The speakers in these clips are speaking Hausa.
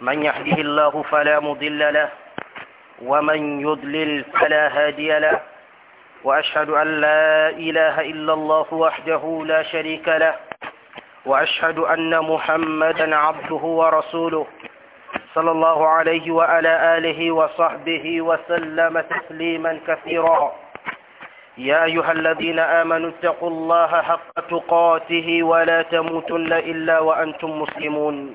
من يهده الله فلا مضل له ومن يضلل فلا هادي له وأشهد أن لا إله إلا الله وحده لا شريك له وأشهد أن محمدا عبده ورسوله صلى الله عليه وعلى آله وصحبه وسلم تسليما كثيرا يا أيها الذين آمنوا اتقوا الله حق تقاته ولا تموتن إلا وأنتم مسلمون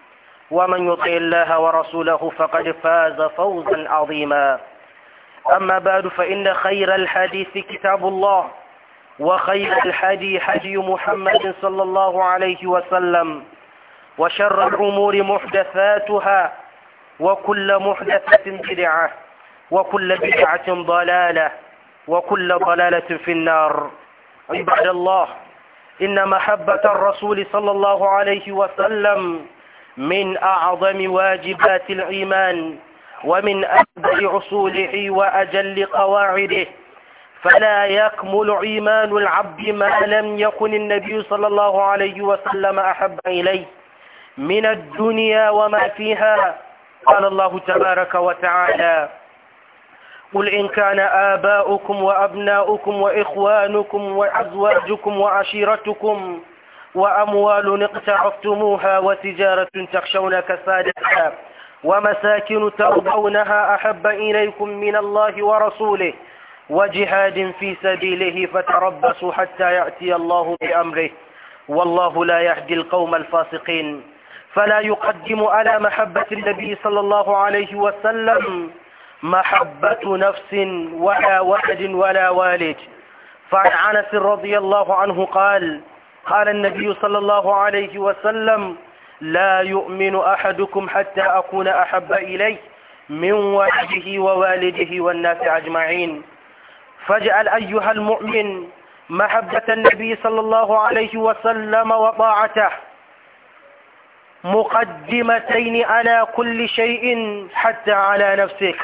ومن يطع الله ورسوله فقد فاز فوزا عظيما أما بعد فإن خير الحديث كتاب الله وخير الحدي حدي محمد صلى الله عليه وسلم وشر الأمور محدثاتها وكل محدثة بدعة وكل بدعة ضلالة وكل ضلالة في النار عباد الله إن محبة الرسول صلى الله عليه وسلم من أعظم واجبات الإيمان ومن أكبر أصوله وأجل قواعده فلا يكمل إيمان العبد ما لم يكن النبي صلى الله عليه وسلم أحب إليه من الدنيا وما فيها قال الله تبارك وتعالى قل إن كان آباؤكم وأبناؤكم وإخوانكم وأزواجكم وعشيرتكم وأموال اقترفتموها وتجارة تخشون كسادتها ومساكن ترضونها أحب إليكم من الله ورسوله وجهاد في سبيله فتربصوا حتى يأتي الله بأمره والله لا يهدي القوم الفاسقين فلا يقدم على محبة النبي صلى الله عليه وسلم محبة نفس ولا ولد ولا والد فعن عنس رضي الله عنه قال قال النبي صلى الله عليه وسلم لا يؤمن أحدكم حتى أكون أحب إليه من ولده ووالده والناس أجمعين فاجعل أيها المؤمن محبة النبي صلى الله عليه وسلم وطاعته مقدمتين على كل شيء حتى على نفسك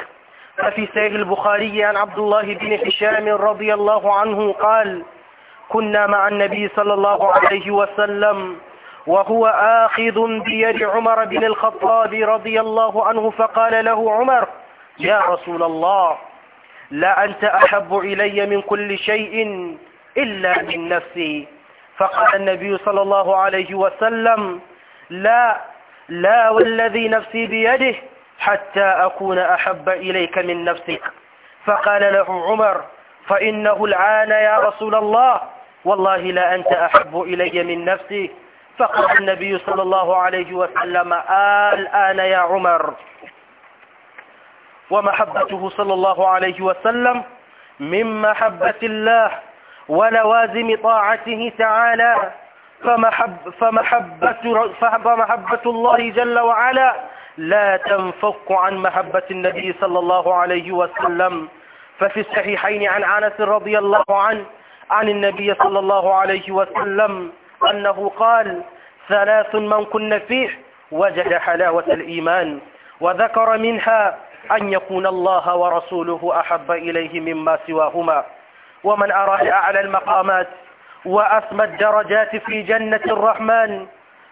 ففي سيه البخاري عن عبد الله بن هشام رضي الله عنه قال كنا مع النبي صلى الله عليه وسلم وهو آخذ بيد عمر بن الخطاب رضي الله عنه فقال له عمر يا رسول الله لا أنت أحب إلي من كل شيء إلا من نفسي فقال النبي صلى الله عليه وسلم لا لا والذي نفسي بيده حتى أكون أحب إليك من نفسك فقال له عمر فإنه العان يا رسول الله والله لا أنت أحب إلي من نفسي فقال النبي صلى الله عليه وسلم الآن يا عمر ومحبته صلى الله عليه وسلم من محبة الله ولوازم طاعته تعالى فمحب فمحبة, فمحبة الله جل وعلا لا تنفك عن محبة النبي صلى الله عليه وسلم ففي الصحيحين عن عنس رضي الله عنه عن النبي صلى الله عليه وسلم أنه قال ثلاث من كن فيه وجد حلاوة الإيمان وذكر منها أن يكون الله ورسوله أحب إليه مما سواهما ومن أراد أعلى المقامات وأسمى الدرجات في جنة الرحمن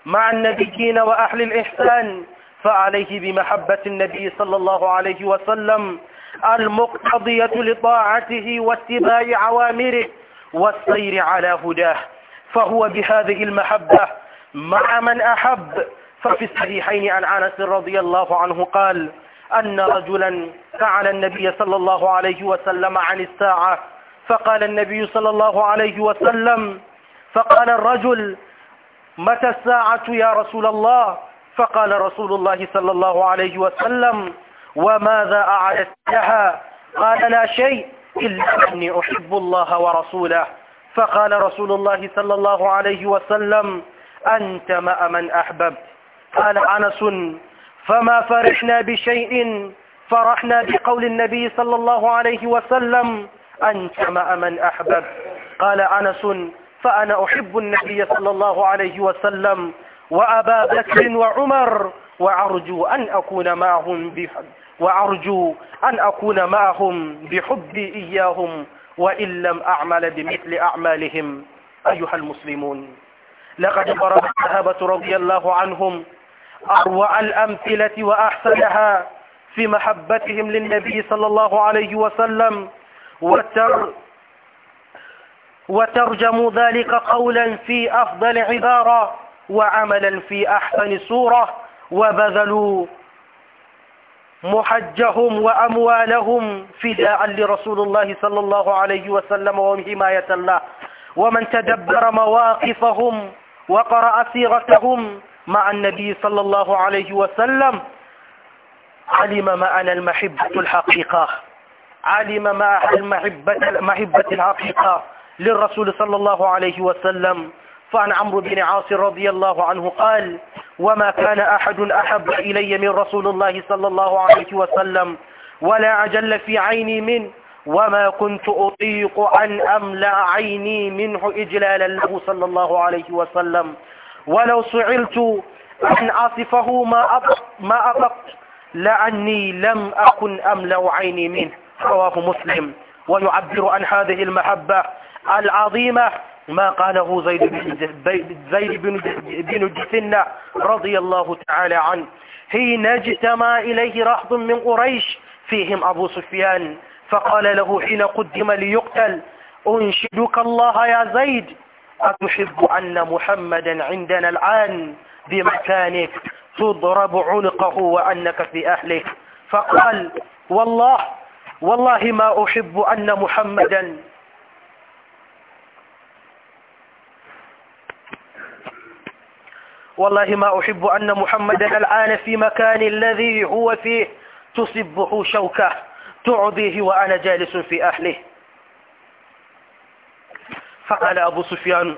مع النبيين وأهل الإحسان فعليه بمحبة النبي صلى الله عليه وسلم المقتضية لطاعته واتباع عوامره والسير على هداه فهو بهذه المحبة مع من أحب ففي الصحيحين عن أنس رضي الله عنه قال أن رجلا سأل النبي صلى الله عليه وسلم عن الساعة فقال النبي صلى الله عليه وسلم فقال الرجل متى الساعة يا رسول الله فقال رسول الله صلى الله عليه وسلم وماذا أعدت لها قال لا شيء إلا أني أحب الله ورسوله فقال رسول الله صلى الله عليه وسلم أنت مع من أحببت قال أنس فما فرحنا بشيء فرحنا بقول النبي صلى الله عليه وسلم أنت مع من أحببت قال أنس فأنا أحب النبي صلى الله عليه وسلم وأبا بكر وعمر وأرجو أن أكون معهم بحب وأرجو أن أكون معهم بحبي إياهم وإن لم أعمل بمثل أعمالهم أيها المسلمون لقد ضرب الصحابة رضي الله عنهم أروع الأمثلة وأحسنها في محبتهم للنبي صلى الله عليه وسلم وتر وترجموا ذلك قولا في أفضل عبارة وعملا في أحسن سورة وبذلوا محجهم وأموالهم فداء لرسول الله صلى الله عليه وسلم وحماية الله ومن تدبر مواقفهم وقرأ سيرتهم مع النبي صلى الله عليه وسلم علم معنا المحبة الحقيقة علم ما المحبة, المحبة الحقيقة للرسول صلى الله عليه وسلم فعن عمرو بن عاص رضي الله عنه قال وما كان أحد أحب إلي من رسول الله صلى الله عليه وسلم ولا أجل في عيني منه وما كنت أطيق أن أملأ عيني منه إجلالا له صلى الله عليه وسلم ولو سعلت أن أصفه ما ما أطقت لأني لم أكن أملأ عيني منه رواه مسلم ويعبر عن هذه المحبة العظيمة ما قاله زيد بن زيد بن جثنة رضي الله تعالى عنه حين اجتمع إليه رحض من قريش فيهم أبو سفيان فقال له حين قدم ليقتل أنشدك الله يا زيد أتحب أن محمدا عندنا الآن بمكانك تضرب عنقه وأنك في أهلك فقال والله والله ما أحب أن محمدا والله ما أحب أن محمدا الآن في مكان الذي هو فيه تصبه شوكة تعضيه وأنا جالس في أهله فقال أبو سفيان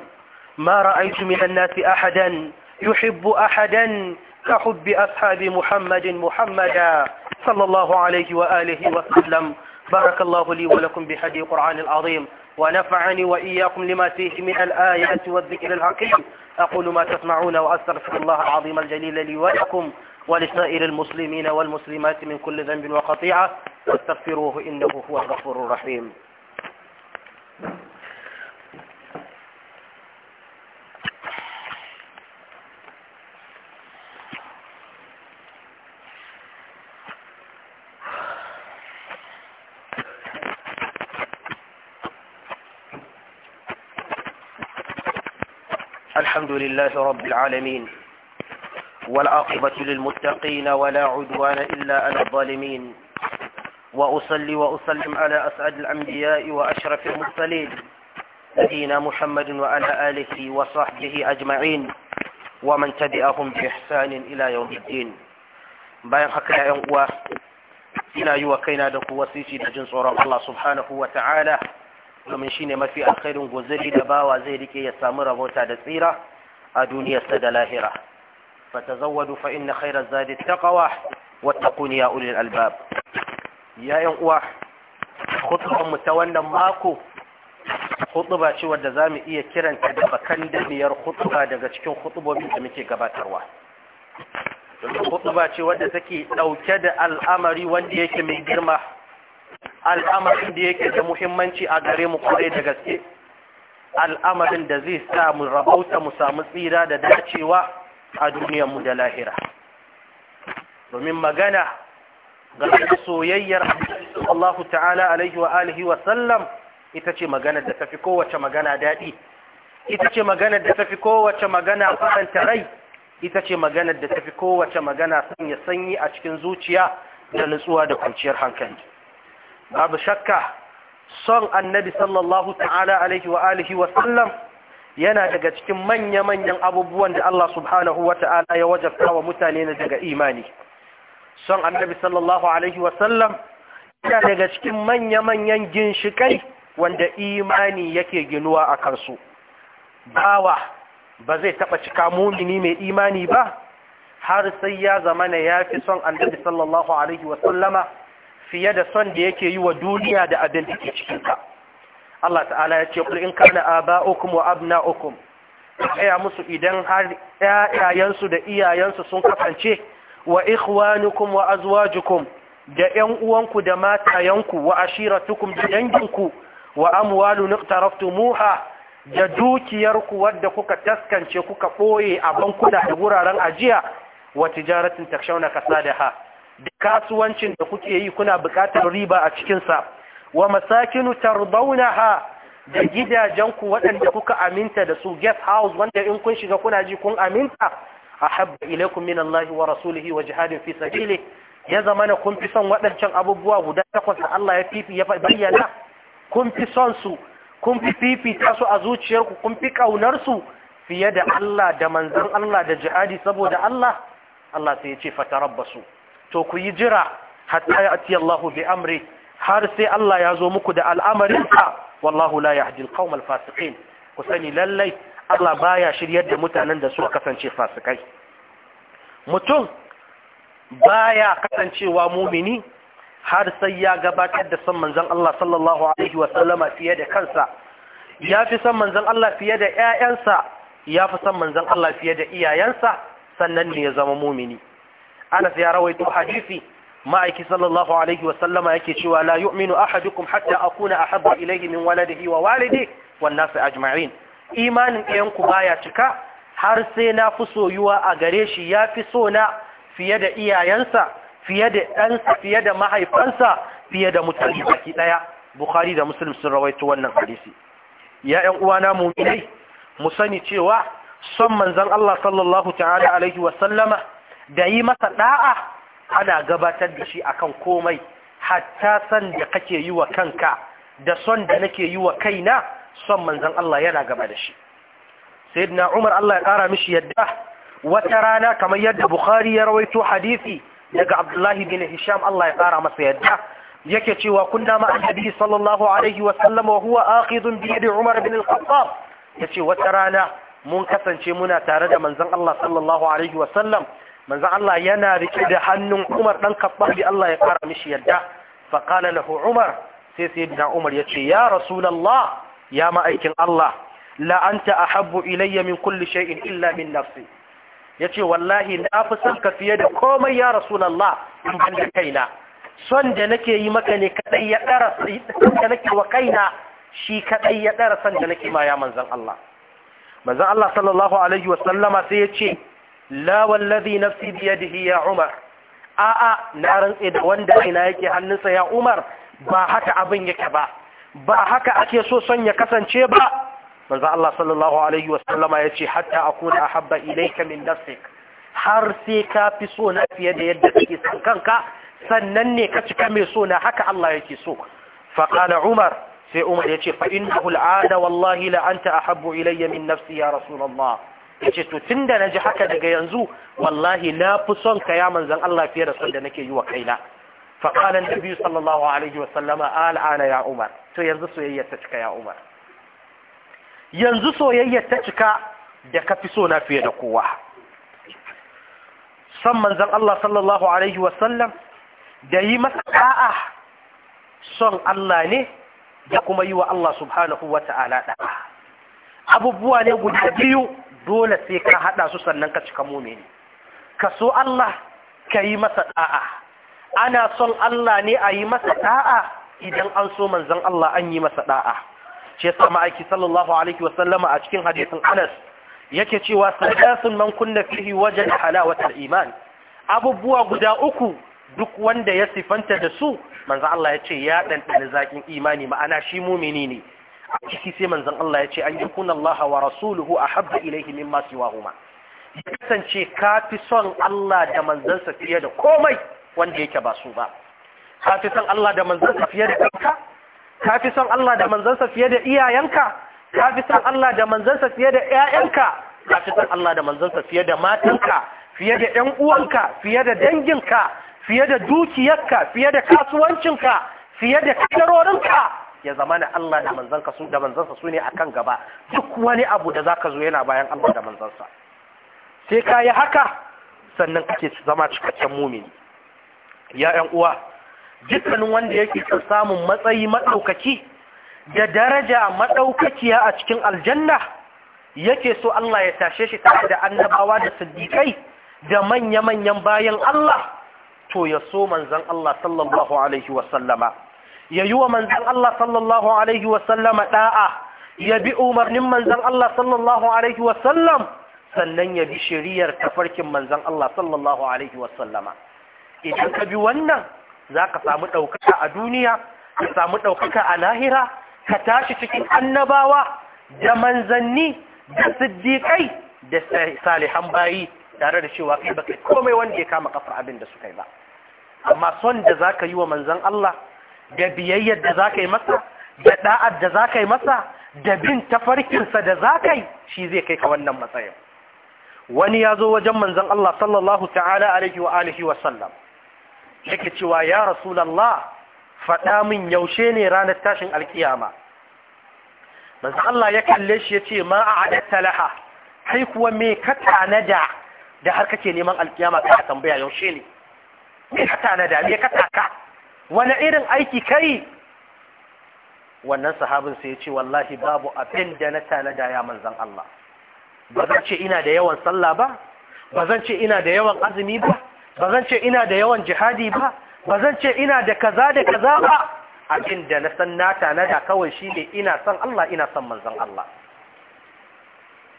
ما رأيت من الناس أحدا يحب أحدا كحب أصحاب محمد محمدا صلى الله عليه وآله وسلم بارك الله لي ولكم بحديث القرآن العظيم ونفعني وإياكم لما فيه من الآيات والذكر الحكيم أقول ما تسمعون وأستغفر الله العظيم الجليل لي ولكم ولسائر المسلمين والمسلمات من كل ذنب وقطيعة واستغفروه إنه هو الغفور الرحيم الحمد لله رب العالمين والعاقبة للمتقين ولا عدوان إلا على الظالمين وأصلي وأسلم على أسعد الأنبياء وأشرف المرسلين نبينا محمد وعلى آله وصحبه أجمعين ومن تبعهم بإحسان إلى يوم الدين bayan haka ya yan uwa ina yi wa kaina da ku wasici da jin tsoron Allah subhanahu wa ta'ala domin shine mafi alkhairin gozali da a duniyarsa da lahira zawadu fa inna khairaz zadi taqwa wattaquni ya ulil albab ya yan uwa khutbar ta wannan mako Huɗuba ce wadda zamu iya kiranta da bakan damiyar khutba daga cikin khutbobin da muke gabatarwa khutba ce wadda take ɗauke da al'amari wanda yake mai girma al'amarin da yake da muhimmanci a gare mu kwarai da gaske al'amarin da zai sa mu rabauta mu samu tsira da dacewa a duniyarmu da lahira domin magana ga soyayyar Allah ta'ala alaihi wa alihi wa sallam ita ce magana da tafi kowace magana daɗi ita ce magana da tafi kowace magana faranta rai ita ce magana da tafi kowace magana sanya sanyi a cikin zuciya da nutsuwa da kwanciyar hankali babu shakka son annabi sallallahu ta'ala alaihi wa alihi wa sallam yana daga cikin manya-manyan abubuwan da Allah subhanahu wa ta'ala ya wajabta wa mutane na daga imani son annabi sallallahu alaihi wa sallam yana daga cikin manya-manyan ginshikai wanda imani yake ginuwa a kansu bawa ba zai taɓa cika mumini mai imani ba har sai ya zamana ya fi son annabi sallallahu alaihi wa sallama fiye da son da yake yi wa duniya da abin da ke cikinka. Allah ta'ala ya ce kul in kana aba'ukum wa abna'ukum ya musu idan har ƴaƴayensu da iyayensu sun kasance wa ikhwanukum wa azwajukum da ƴan uwanku da matayanku wa ashiratukum da danginku wa amwalun iqtaraftumuha da dukiyarku wadda kuka taskance kuka ɓoye a bankuna da wuraren ajiya wa tijaratin takshawna kasadaha da kasuwancin da kuke yi kuna buƙatar riba a cikinsa wa masakinu tardawnaha da gidajenku waɗanda kuka aminta da su guest house wanda in kun shiga kuna ji kun aminta ahabba ilaikum min Allah wa rasulihi wa jihadin fi ya zama na kun fi son waɗancan abubuwa guda takwas da Allah ya fifi ya bayyana kun fi son su kun fi fifita su a zuciyarku kun fi ƙaunar su fiye da Allah da manzon Allah da jihadi saboda Allah Allah sai ya ce fatarabbasu to ku yi jira hatta ya ati Allahu bi amri har sai Allah ya zo muku da ka? wallahu la yahdi al-qawm al-fasiqin ku sani lallai Allah baya shiryar da mutanen da suka kasance fasikai mutum baya kasancewa mumini har sai ya gabatar da san manzon Allah sallallahu alaihi wa sallama fiye da kansa ya fi san manzon Allah fiye da ƴaƴansa ya fi san manzon Allah fiye da iyayensa sannan ne ya zama mumini anas ya rawaito hadisi ma'aiki sallallahu alaihi wasallama yake cewa la yu'minu ahadukum hatta akuna ahabbu ilayhi min waladihi wa walidi wan nas ajma'in imanin ɗayan ku baya cika har sai na fi soyuwa a gare shi ya fi so na fiye da iyayensa fiye da ɗansa fiye da mahaifansa fiye da mutane baki ɗaya bukhari da muslim sun rawaito wannan hadisi ya ƴan uwana mu mu sani cewa son manzon Allah sallallahu ta'ala alaihi da yi masa ɗa'a ana gabatar da shi akan komai hatta san da kake yi wa kanka da son da nake yi wa kaina son manzan Allah yana gaba da shi sayyidina Umar Allah ya ƙara mishi yadda wata rana kamar yadda Bukhari ya rawaito hadisi daga Abdullahi bin Hisham Allah ya ƙara masa yadda yake cewa kunna ma annabi sallallahu alaihi wa sallam wa huwa akhidun bi yadi Umar bin al-Khattab yace wata rana mun kasance muna tare da manzon Allah sallallahu alaihi wa sallam manzo Allah yana rike da hannun Umar dan Khattabi Allah ya fara mishi yadda fa qala lahu Umar sai sayyidina Umar yace ya rasulullah ya ma'aikin Allah la anta ahabbu ilayya min kulli shay'in illa min nafsi yace wallahi na fi son ka fiye da komai ya rasulullah in ban da kaina son da nake yi maka ne kadai ya dara da nake wa kaina shi kadai ya dara da nake ma ya manzon Allah manzon Allah sallallahu alaihi wasallama sai yace la wallazi nafsi biyadihi ya umar a'a na rantse da wanda ina yake hannunsa ya umar ba haka abin yake ba ba haka ake so son ya kasance ba manzo Allah sallallahu alaihi wasallama yace hatta akuna ahabba ilayka min nafsik har sai ka fi so na fiye da yadda kake son kanka sannan ne ka cika mai so na haka Allah yake so fa qala umar sai umar yace fa innahu al'ada wallahi la anta ahabbu ilayya min nafsi ya rasulullah ya ce to tun da na ji haka daga yanzu wallahi na fi son ka ya manzan Allah fiye da son da nake yi wa kaina faƙalan da biyu sallallahu alaihi wasallama al'ana ya umar to yanzu soyayyar ta cika ya umar yanzu soyayyar ta cika da ka fi so na fiye da kowa son manzan Allah sallallahu alaihi wasallam da yi masa ɗa'a son Allah ne da kuma yi wa Allah subhanahu wa ta'ala ɗa'a abubuwa ne guda biyu dole sai ka haɗa su sannan ka cika mumini ka so Allah ka yi masa ɗa'a ana son Allah ne a yi masa ɗa'a idan an so manzan Allah an yi masa ɗa'a ce sa ma'aiki sallallahu alaihi wasallama a cikin hadisin Anas yake cewa sadasun man kunna fihi wajen halawatar iman abubuwa guda uku duk wanda ya sifanta da su manzan Allah ya ce ya ɗanɗani zaƙin imani ma'ana shi mumini ne shi sai manzan Allah ya ce an yi yakuna Allah wa rasuluhu a ahabba ilayhi mimma huma ya kasance ka fi son Allah da manzansa fiye da komai wanda yake ba su ba ka fi son Allah da manzansa fiye da ɗanka ka fi son Allah da manzansa fiye da iyayenka ka fi son Allah da manzansa fiye da ƴaƴanka ka fi son Allah da manzansa fiye da matanka fiye da ƴan uwanka fiye da danginka fiye da dukiyarka fiye da kasuwancinka fiye da kadarorinka ya zama na Allah da manzansa su da manzansa su ne akan gaba duk wani abu da zaka zo yana bayan Allah da manzansa sai kayi haka sannan kake zama cikakken mumini ya ɗan uwa dukkanin wanda yake son samun matsayi madaukaki da daraja madaukakiya a cikin aljanna yake so Allah ya tashe shi tare da annabawa da siddiqai da manya-manyan bayan Allah to ya so manzan Allah sallallahu alaihi wasallama ya yi wa manzan Allah sallallahu Alaihi wasallama ɗa'a ya bi umarnin manzan Allah sallallahu Alaihi wasallam sannan ya bi shiriyar tafarkin manzan Allah sallallahu Alaihi wasallama idan ka bi wannan za ka samu ɗaukaka a duniya ka samu ɗaukaka a lahira ka tashi cikin annabawa da manzanni da siddiƙai da salihan bayi tare da cewa kai baka komai wanda ya kama kafar abin da suka yi ba amma son da zaka yi wa manzon Allah da biyayyar da za ka yi masa da ɗa'ar da za ka yi masa da bin tafarkinsa da za ka yi shi zai kai ka wannan matsayin wani ya zo wajen manzan Allah sallallahu ta'ala alaihi wa alihi yake cewa ya rasulallah faɗa min yaushe ne ranar tashin alkiyama manzan Allah ya kalle shi ya ce ma a adatta laha kai kuwa me ka tanada da har kake neman alkiyama ka tambaya yaushe ne me ka tanada me ka taka wani irin aiki kai wannan sahabin sai ya ce wallahi babu abin da na tanada ya manzan Allah ba zan ce ina da yawan sallah ba ba zan ce ina da yawan azumi ba ba zan ce ina da yawan jihadi ba ba zan ce ina da kaza da kaza ba abin da na san na tanada kawai shine ina son Allah ina son manzan Allah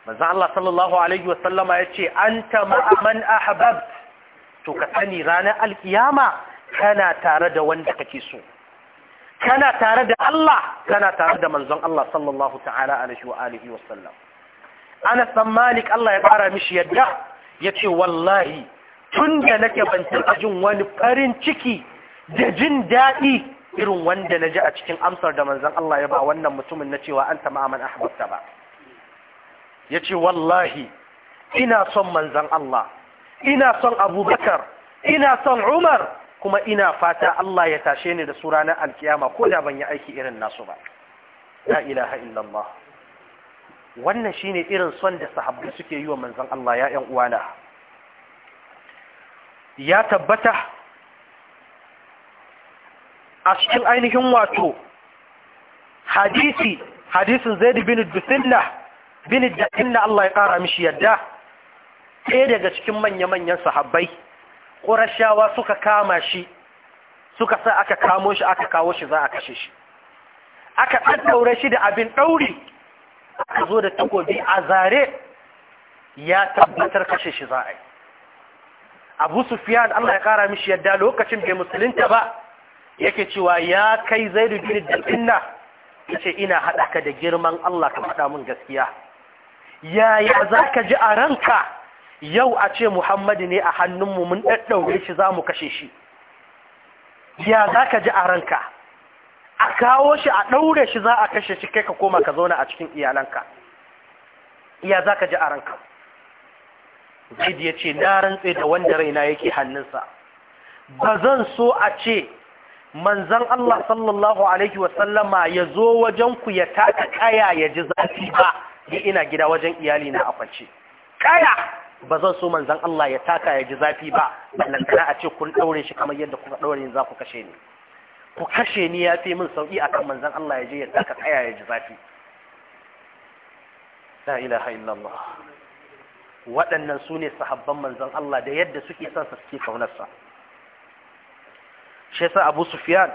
manzan Allah sallallahu alaihi wasallama ya ce anta ma'a man ahbab to ka sani ranar alkiyama kana tare da wanda kake so kana tare da Allah kana tare da manzon Allah sallallahu ta'ala alaihi wa alihi wa sallam Ana bin Malik Allah ya fara mishi yadda yace wallahi tunda nake ban taɓa jin wani farin ciki da jin daɗi irin wanda na ji a cikin amsar da manzon Allah ya ba wannan mutumin na cewa an tama man ahbabta ba yace wallahi ina son manzon Allah ina son Abubakar ina son Umar kuma ina fata Allah ya tashe ni da su ranar alkiyama ko da ban yi aiki irin nasu ba la ilaha illallah wannan shine irin son da sahabbai suke yi wa manzon Allah ya 'yan uwana ya tabbata a cikin ainihin wato hadisi hadisin zaid bin dusilla, bin da inna Allah ya kara mishi yadda ɗaya daga cikin manya-manyan sahabbai ƙurashawa suka kama shi suka sa aka kamo shi aka kawo shi za a kashe shi aka ɗaɗɗaure shi da abin ɗauri aka zo da takobi a zare ya tabbatar kashe shi za a yi abu sufiyan allah ya kara mishi yadda lokacin bai musulunta ba yake cewa ya kai zai rubin da inna ya ce ina haɗaka da girman allah ka faɗa mun gaskiya yaya za ka ji a ranka yau a ce muhammadu ne a hannunmu mun ɗaɗɗaure shi za mu kashe shi ya za ka ji a ranka a kawo shi a ɗaure shi za a kashe shi kai ka koma ka zauna a cikin iyalanka ya za ka ji a ranka zaid ya ce na rantse da wanda raina yake hannunsa ba zan so a ce manzan Allah sallallahu Alaihi wasallama ya zo wajen ku ya taka ƙaya ya ji zafi ba ya ina gida wajen iyalina a kwance. Kaya! ba zan so manzan Allah ya taka ya ji zafi ba lantana a ce kun ɗaure shi kamar yadda kuka ɗaure yanzu za ku kashe ni ku kashe ni ya fi min sauki akan manzan Allah ya je ya taka kaya ya ji zafi la ilaha illallah waɗannan su ne sahabban manzan Allah da yadda suke son sa suke kaunarsa shi yasa Abu Sufyan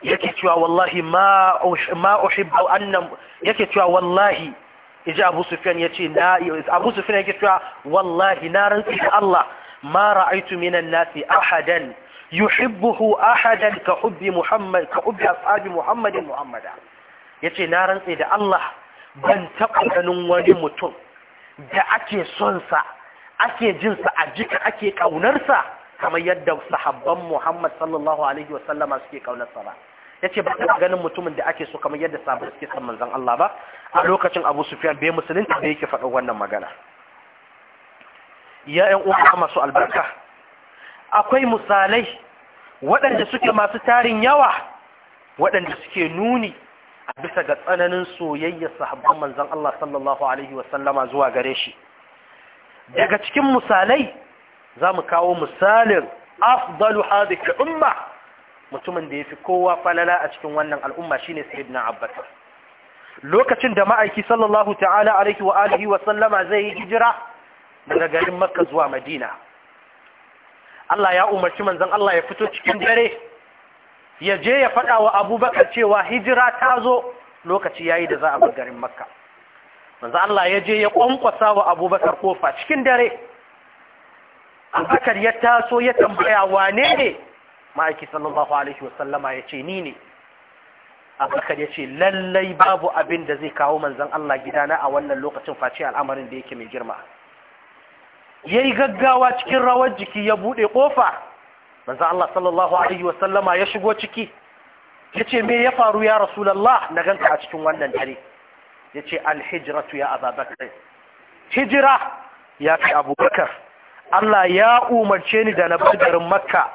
yake cewa wallahi ma ma uhibbu annam yake cewa wallahi iji abu sufyan ya ce abu sufyan yake cewa wallahi na rantsi Allah ma ra'aitu minan nasi ahadan yuhibbuhu ahadan ka hubbi muhammad ka hubbi ashabi muhammadin muhammada yace na rantsi da Allah ban taɓa ganin wani mutum da ake son sa ake jin sa a jika ake kaunar sa kamar yadda sahabban Muhammad sallallahu alaihi wasallama suke kaunar sa ba yace ba ta ganin mutumin da ake so kamar yadda sabu suke san manzan Allah ba a lokacin Abu Sufyan bai musulun da yake faɗa wannan magana ya ƴan masu albarka akwai misalai waɗanda suke masu tarin yawa waɗanda suke nuni a bisa ga tsananin soyayya sahabban manzan Allah sallallahu alaihi Wasallama zuwa gare shi daga cikin misalai za mu kawo misalin afdalu hadhihi umma mutumin da ya fi kowa falala a cikin wannan al'umma shine na abbas lokacin da ma'aiki sallallahu ta'ala alaihi wa alihi wa sallama zai yi hijira daga garin makka zuwa madina Allah ya umarci manzan Allah ya fito cikin dare ya je ya faɗa wa abubakar cewa hijira ta zo lokaci yayi da za a bar garin makka manzon Allah ya je ya kwankwasa wa abubakar kofa cikin dare abubakar ya taso ya tambaya wane ne ma'aiki sallallahu alaihi wasallama ya ce ni ne abubakar ya ce lallai babu abin da zai kawo manzan Allah gidana a wannan lokacin face al'amarin da yake mai girma ya yi gaggawa cikin rawar jiki ya buɗe ƙofa manzan Allah sallallahu alaihi wasallama ya shigo ciki ya ce me ya faru ya rasulallah na ganka a cikin wannan dare ya ce alhijiratu ya ababakar hijira ya fi abubakar Allah ya umarce ni da na bar garin makka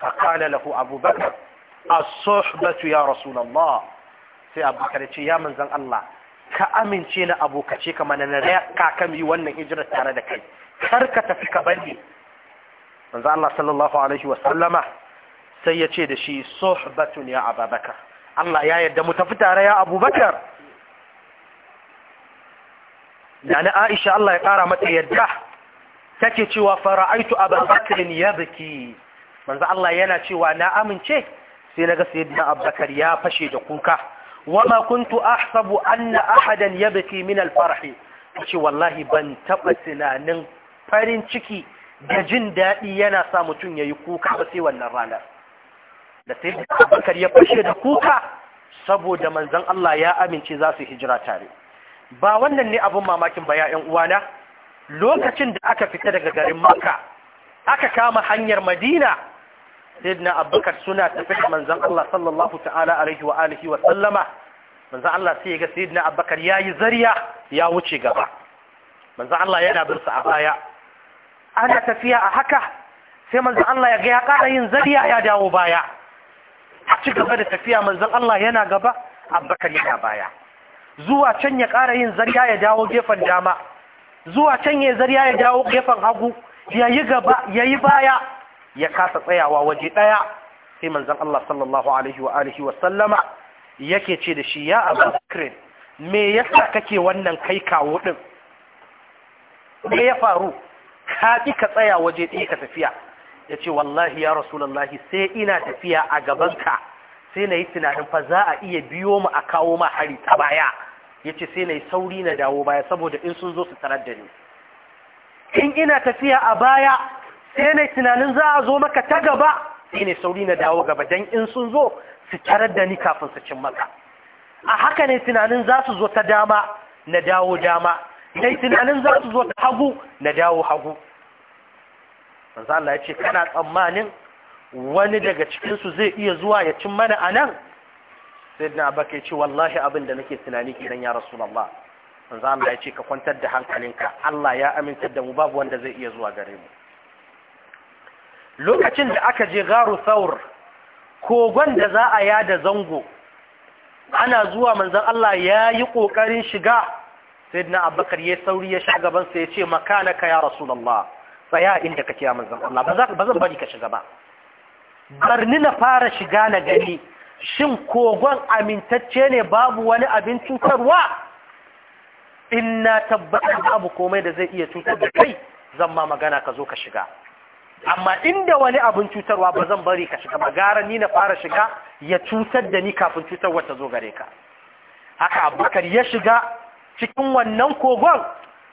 فقال له أبو بكر الصحبة يا رسول الله سي أبو بكر يا من زن الله كأمن شين أبو كشي كما نريق كم يوانا هجرة تاردك كركة في كبني من زن الله صلى الله عليه وسلم سيتي دشي صحبة يا أبا بكر الله يا يد متفتر يا أبو بكر يعني عائشة الله يقارى متى يده تكي تشوى فرأيت أبا بكر يبكي manzo Allah yana cewa na amince sai naga sayyidina Abubakar ya fashe da kuka wama kuntu ahsabu anna ahadan yabki min al-farh wallahi ban taba tunanin farin ciki da jin daɗi yana sa mutum yayi kuka ba sai wannan ranar da sayyidina Abubakar ya fashe da kuka saboda manzon Allah ya amince za su hijira tare ba wannan ne abin mamakin ba ya uwana lokacin da aka fita daga garin Makka aka kama hanyar Madina sayyidina abubakar suna tafi da manzon Allah sallallahu ta'ala alaihi wa alihi wa sallama manzon Allah sai ya ga sayyidina abubakar yayi zariya ya wuce gaba manzon Allah yana bin sa a baya ana tafiya a haka sai manzon Allah ya ga ya ƙara yin zariya ya dawo baya a ci gaba da tafiya manzon Allah yana gaba abubakar yana baya zuwa can ya ƙara yin zariya ya dawo gefen dama zuwa can ya zariya ya dawo gefen hagu yayi gaba yayi baya ya kasa tsayawa waje ɗaya sai manzan Allah sallallahu alaihi wa alihi wa sallama yake ce da shi ya abu zikirin me yasa kake wannan kai kawo ɗin me ya faru ka ka tsaya waje ɗaya ka tafiya ya ce wallahi ya rasulallahi sai ina tafiya a gabanka sai na yi tunanin fa za a iya biyo mu a kawo ma hari ta baya ya ce sai na yi sauri na dawo baya saboda in sun zo su tarar da ni in ina tafiya a baya sai na tunanin za a zo maka ta gaba sai ne sauri na dawo gaba don in sun zo su tarar da ni kafin su cin maka a haka ne tunanin za su zo ta dama na dawo dama dai tunanin za su zo ta hagu na dawo hagu manzo Allah ya ce kana tsammanin wani daga cikinsu zai iya zuwa ya cin mana a nan sai na abaka ya ce wallahi abin da nake tunani idan ya rasu manzo Allah ya ce ka kwantar da hankalinka Allah ya aminta da mu babu wanda zai iya zuwa gare mu lokacin da aka je garu saur kogon da za a yada zango ana zuwa manzan Allah ya yi ƙoƙarin shiga sai na abakar ya sauri ya sha gabansa ya ce makanaka ya rasulallah tsaya inda kake ya manzan Allah ba zan bari ka shiga ba barni na fara shiga na gani shin kogon amintacce ne babu wani abin cutarwa in na tabbatar babu komai da zai iya cutar da kai zan ma magana ka zo ka shiga amma inda wani abin cutarwa ba zan bari ka shiga ba gara ni na fara shiga ya cutar da ni kafin cutar wata zo gare ka haka abubakar ya shiga cikin wannan kogon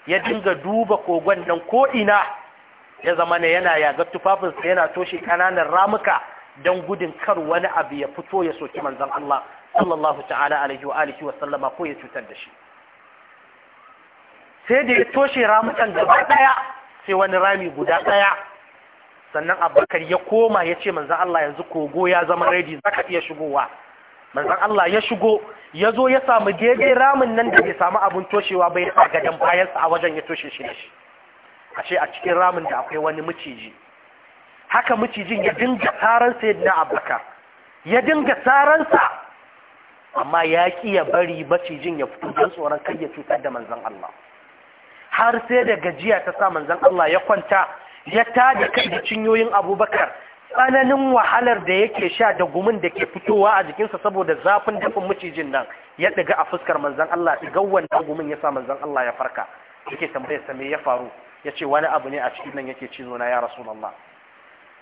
ya dinga duba kogon nan ko'ina ya zama ne yana yaga tufafinsa yana toshe kananan ramuka don gudun kar wani abu ya fito ya soki manzan Allah sallallahu ta'ala alaihi wa alihi wa sallama ko ya cutar da shi sai da ya toshe ramukan gaba ɗaya sai wani rami guda ɗaya sannan abubakar ya koma ya ce manzan Allah yanzu kogo ya zama ready za ka iya shigowa manzan Allah ya shigo ya zo ya samu daidai ramin nan da bai samu abin toshewa bai a gadon bayansa a wajen ya toshe shi shi a ce a cikin ramin da akwai wani maciji. haka macijin ya dinga tsaransa yadda abubakar ya dinga tsaransa amma ya ƙi ya bari macijin ya fito don tsoron kai ya cutar da manzan Allah har sai da gajiya ta sa manzan Allah ya kwanta ya tada kai da cinyoyin abubakar tsananin wahalar da yake sha da gumin da ke fitowa a jikinsa saboda zafin dafin macijin nan ya daga a fuskar manzan Allah ɗigan wannan gumin ya sa manzan Allah ya farka yake tambaya sa ya faru ya ce wani abu ne a cikin nan yake cizo na ya rasu Allah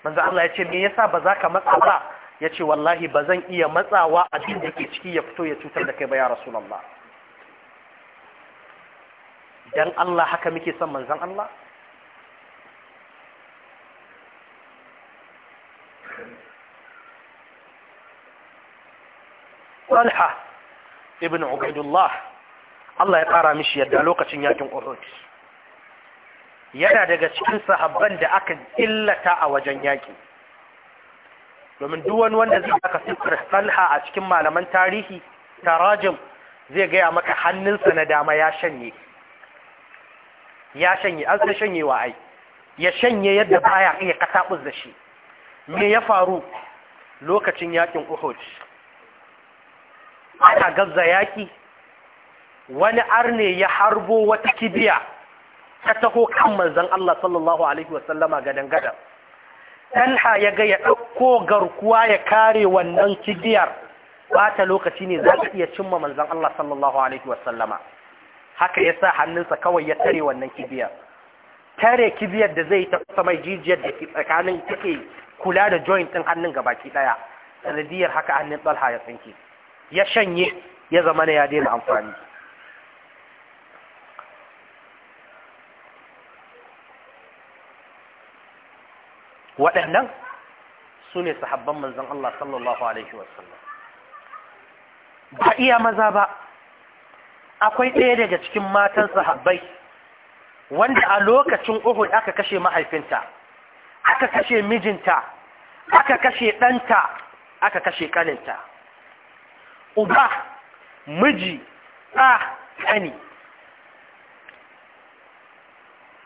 manzan Allah ya ce me yasa ba za ka matsa ba ya ce wallahi ba zan iya matsawa abin da ke ciki ya fito ya cutar da kai ba ya rasulallah dan Allah haka muke son manzan Allah talha ibn ubaidullah Allah ya ƙara mishi yadda lokacin yakin Uhud yana daga cikin sahabban da aka illata a wajen yaki. domin duk wani wanda zai aka sifar talha a cikin malaman tarihi tarajim zai gaya maka hannunsa na dama ya shanye ya shanye an san shanye wa ai ya shanye yadda baya iya kataɓus da shi me ya faru lokacin yakin Uhud aka gaza yaki wani arne ya harbo wata kibiya ta taho kan manzan Allah sallallahu alaihi wasallama gadan gadan Talha ya ga ya ɗauko garkuwa ya kare wannan kibiyar ta lokaci ne za ka iya cimma manzan Allah sallallahu alaihi wasallama haka ya sa hannunsa kawai ya tare wannan kibiyar tare kibiyar da zai tafasa mai jijiyar da ke tsakanin take kula da joint ɗin hannun gabaki ɗaya sanadiyar haka hannun tsalha ya tsinke ya shanye ya zama ya daina amfani waɗannan su ne sahabban manzan Allah sallallahu Alaihi wasallam ba iya maza ba akwai ɗaya daga cikin matan sahabbai wanda a lokacin uhud aka kashe mahaifinta aka kashe mijinta aka kashe ɗanta aka kashe ƙaninta uba miji a ƙani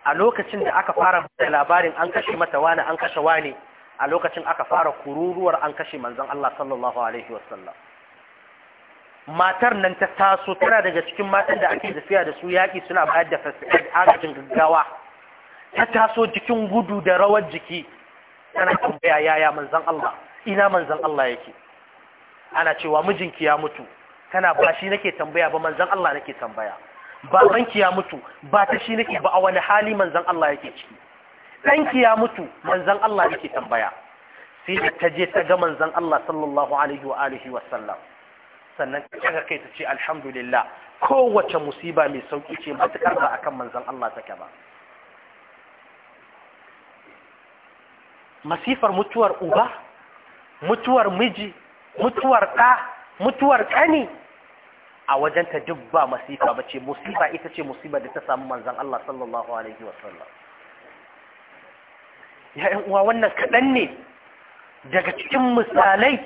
a lokacin da aka fara da labarin an kashe mata wani an kashe wani a lokacin aka fara kururuwar an kashe manzon Allah sallallahu alaihi wasallam matar nan ta taso tana daga cikin matan da ake tafiya da su yaƙi suna bayar da fasikar agajin gaggawa ta taso cikin gudu da rawar jiki tana tambaya yaya manzon Allah ina manzon Allah yake ana cewa mijinki ya mutu kana ba shi nake tambaya ba manzan Allah nake tambaya babanki ya mutu ba ta shi nake ba a wani hali manzan Allah yake ciki danki ya mutu manzan Allah yake tambaya sai da ta je ta ga manzan Allah sallallahu alaihi wa alihi wa sallam sannan ta kai ta ce alhamdulillah kowace musiba mai sauki ce matukar ba akan manzan Allah take ba masifar mutuwar uba mutuwar miji mutuwar ɗa mutuwar ƙani a wajenta duk ba masifa ba ce musifa ita ce musiba da ta samu manzan Allah sallallahu alaihi wasallam ya'yan uwa wannan kaɗan ne daga cikin misalai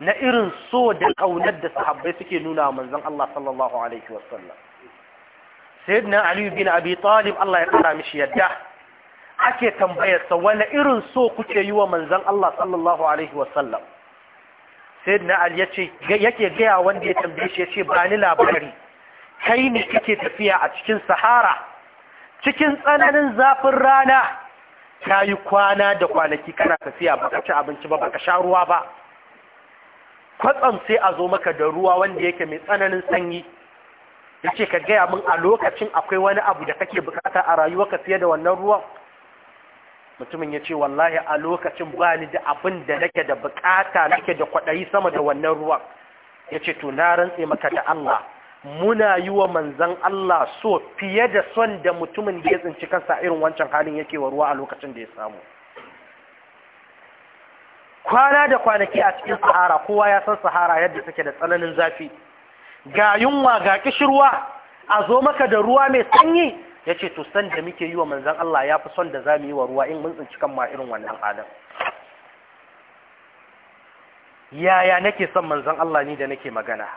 na irin so da ƙaunar da sahabbai suke nuna wa manzan Allah sallallahu alaihi wasallam na Aliyu bin Abi Talib Allah ya kara mishi yadda ake tambayarsa wani irin so kuke yi wa manzan Allah sallallahu alaihi wasallam na ali yace yake gaya wanda ya tambaye shi yace ba ni labari kai ne kake tafiya a cikin sahara cikin tsananin zafin rana ta yi kwana da kwanaki kana tafiya baka ci abinci ba baka sha ruwa ba kwatsam sai a zo maka da ruwa wanda yake mai tsananin sanyi yace ka gaya min a lokacin akwai wani abu da kake bukata a rayuwa ka fiye da wannan ruwan mutumin ya ce wallahi a lokacin ba ni da abin da nake da bukata nake da kwaɗayi sama da wannan ruwan ya ce to na rantse maka da Allah muna yi wa manzan Allah so fiye da son da mutumin da ya tsinci kansa irin wancan halin yake wa ruwa a lokacin da ya samu kwana da kwanaki a cikin sahara kowa ya san sahara yadda take da tsananin zafi ga yunwa ga kishirwa a zo maka da ruwa mai sanyi ya ce to san da muke yi wa manzan Allah ya fi son da za mu yi wa ruwa in mun tsinci kan ma irin wannan adam yaya nake son manzan Allah ni da nake magana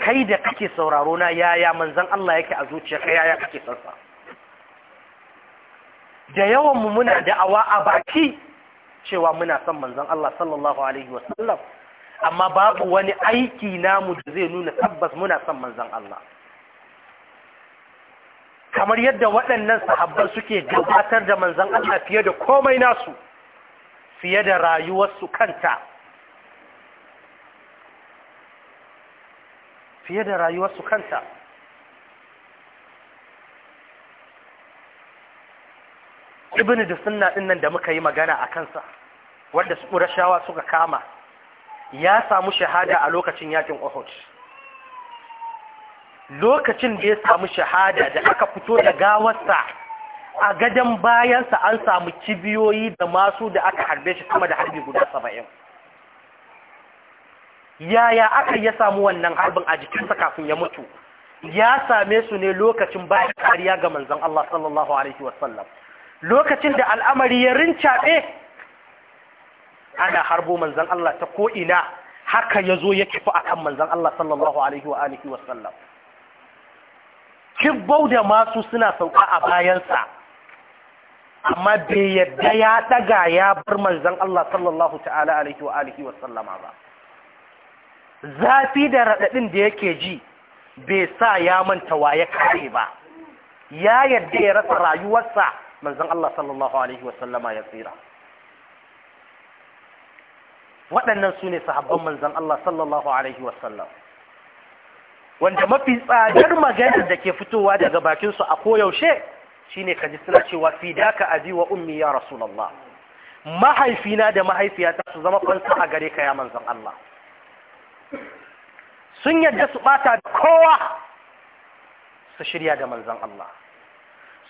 kai da kake sauraro na yaya manzan Allah yake a zuciya kai yaya kake son sa da yawan mu muna da'awa a baki cewa muna son manzan Allah sallallahu alaihi wasallam amma babu wani aiki namu da zai nuna tabbas muna son manzan Allah kamar yadda waɗannan sahabban suke gabatar da manzan Allah fiye da komai nasu fiye da rayuwarsu kanta fiye da rayuwarsu kanta ibn da suna da muka yi magana a kansa wadda su ƙurashawa suka kama ya samu shahada a lokacin yakin Uhud. lokacin da ya samu shahada da aka fito da gawarsa a gadon bayansa an samu kibiyoyi da masu da aka harbe shi sama da harbi guda saba'in yaya aka ya samu wannan harbin a jikinsa kafin ya mutu ya same su ne lokacin bayan kariya ga manzan Allah sallallahu alaihi wasallam lokacin da al'amari ya rincaɓe ana harbo manzan Allah ta ko'ina haka ya zo ya kifi a kan manzan Allah sallallahu alaihi wasallam kibbau da masu suna sauka a bayansa amma bai yadda ya daga ya bar manzan Allah sallallahu ta'ala alaihi wa alihi wa sallama ba zafi da raɗaɗin da yake ji bai sa ya manta wa ya kare ba ya yadda ya rasa rayuwarsa manzan Allah sallallahu alaihi wa sallama ya tsira waɗannan su ne sahabban manzan Allah sallallahu alaihi wa sallama wanda mafi tsadar maganar da ke fitowa daga bakinsu a koyaushe shine ka ji suna cewa fi daka abi wa ummi ya rasulallah. mahaifina da mahaifiyata su zama kwansa a gare ka ya manzan Allah sun yadda su bata da kowa su shirya da manzan Allah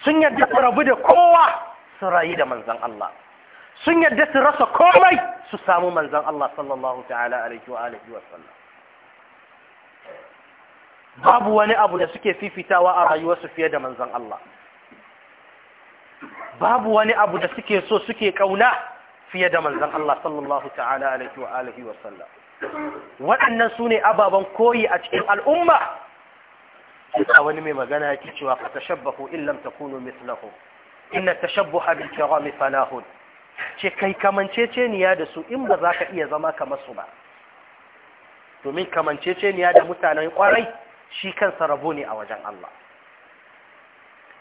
sun yadda su rabu da kowa su rayu da manzan Allah sun yadda su rasa komai su samu manzan Allah sallallahu ta'ala alaihi wa alihi wa sallam babu wani abu da suke fifitawa a rayuwarsu fiye da manzan Allah babu wani abu da suke so suke kauna fiye da manzan Allah sallallahu ta'ala alaihi wa alihi wa sallam waɗannan su ne ababen koyi a cikin al'umma a wani mai magana yake cewa fa tashabbahu in lam takunu mithlahu inna tashabbuha bil kirami falahun ce kai kamanceceniya da su in ba za ka iya zama kamar su ba domin kamanceceniya da mutanen kwarai shi kansa rabo ne a wajen Allah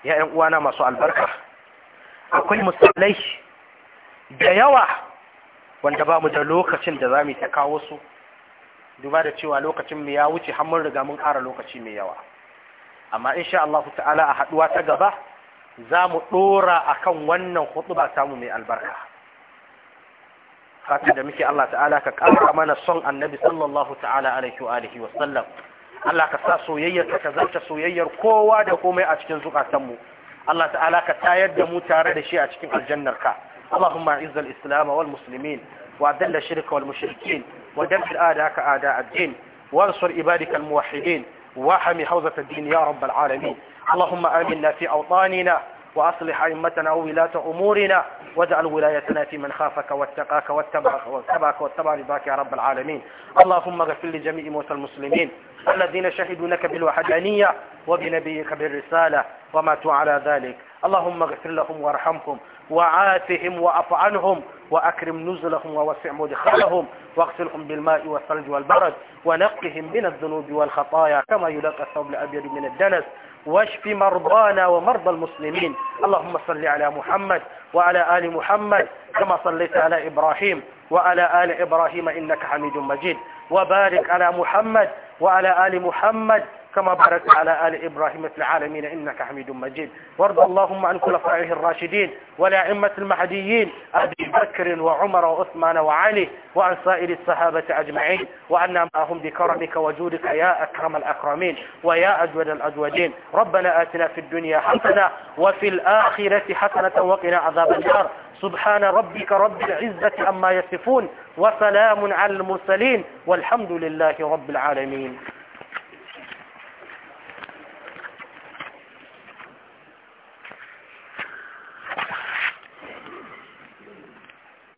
ya ‘yan uwana masu albarka akwai misalai da yawa wanda ba mu da lokacin da za mu ta kawo su duba da cewa lokacin mu ya wuce mun riga mun ƙara lokaci mai yawa amma insha Allah ta'ala a haɗuwa ta gaba za mu ɗora a kan wannan hudu ba samu mai albarka fatan da muke Allah ta'ala ka ƙara mana son annabi sallallahu ta'ala alaihi wa sallam Allah ka sa soyayyar ka zanta soyayyar kowa da komai a cikin zukatanmu Allah ta'ala ka tayar da mu tare da shi a cikin aljannar ka Allahumma izz al-islam wal muslimin wa adalla shirka wal mushrikin wa dammir a'daka a'da ad-din wansur ibadika al-muwahhidin واحمي حوزة الدين يا رب العالمين اللهم آمنا في أوطاننا وأصلح أئمتنا وولاة أمورنا واجعل ولايتنا في من خافك واتقاك واتبعك واتبع رضاك يا رب العالمين اللهم اغفر لجميع موتى المسلمين الذين شهدوا لك بالوحدانية وبنبيك بالرسالة وماتوا على ذلك اللهم اغفر لهم وارحمهم وعافهم وأف عنهم وأكرم نزلهم ووسع مدخلهم واغسلهم بالماء والثلج والبرد ونقهم من الذنوب والخطايا كما يلقى الثوب الأبيض من الدنس واشف مرضانا ومرضى المسلمين اللهم صل على محمد وعلى آل محمد كما صليت على إبراهيم وعلى آل إبراهيم إنك حميد مجيد وبارك على محمد وعلى آل محمد كما باركت على آل إبراهيم في العالمين إنك حميد مجيد وارض اللهم عن كل فرعه الراشدين ولأئمة المهديين أبي بكر وعمر وعثمان وعلي وعن سائر الصحابة أجمعين وعنا معهم بكرمك وجودك يا أكرم الأكرمين ويا أجود الأجودين ربنا آتنا في الدنيا حسنة وفي الآخرة حسنة وقنا عذاب النار سبحان ربك رب العزة أما يصفون وسلام على المرسلين والحمد لله رب العالمين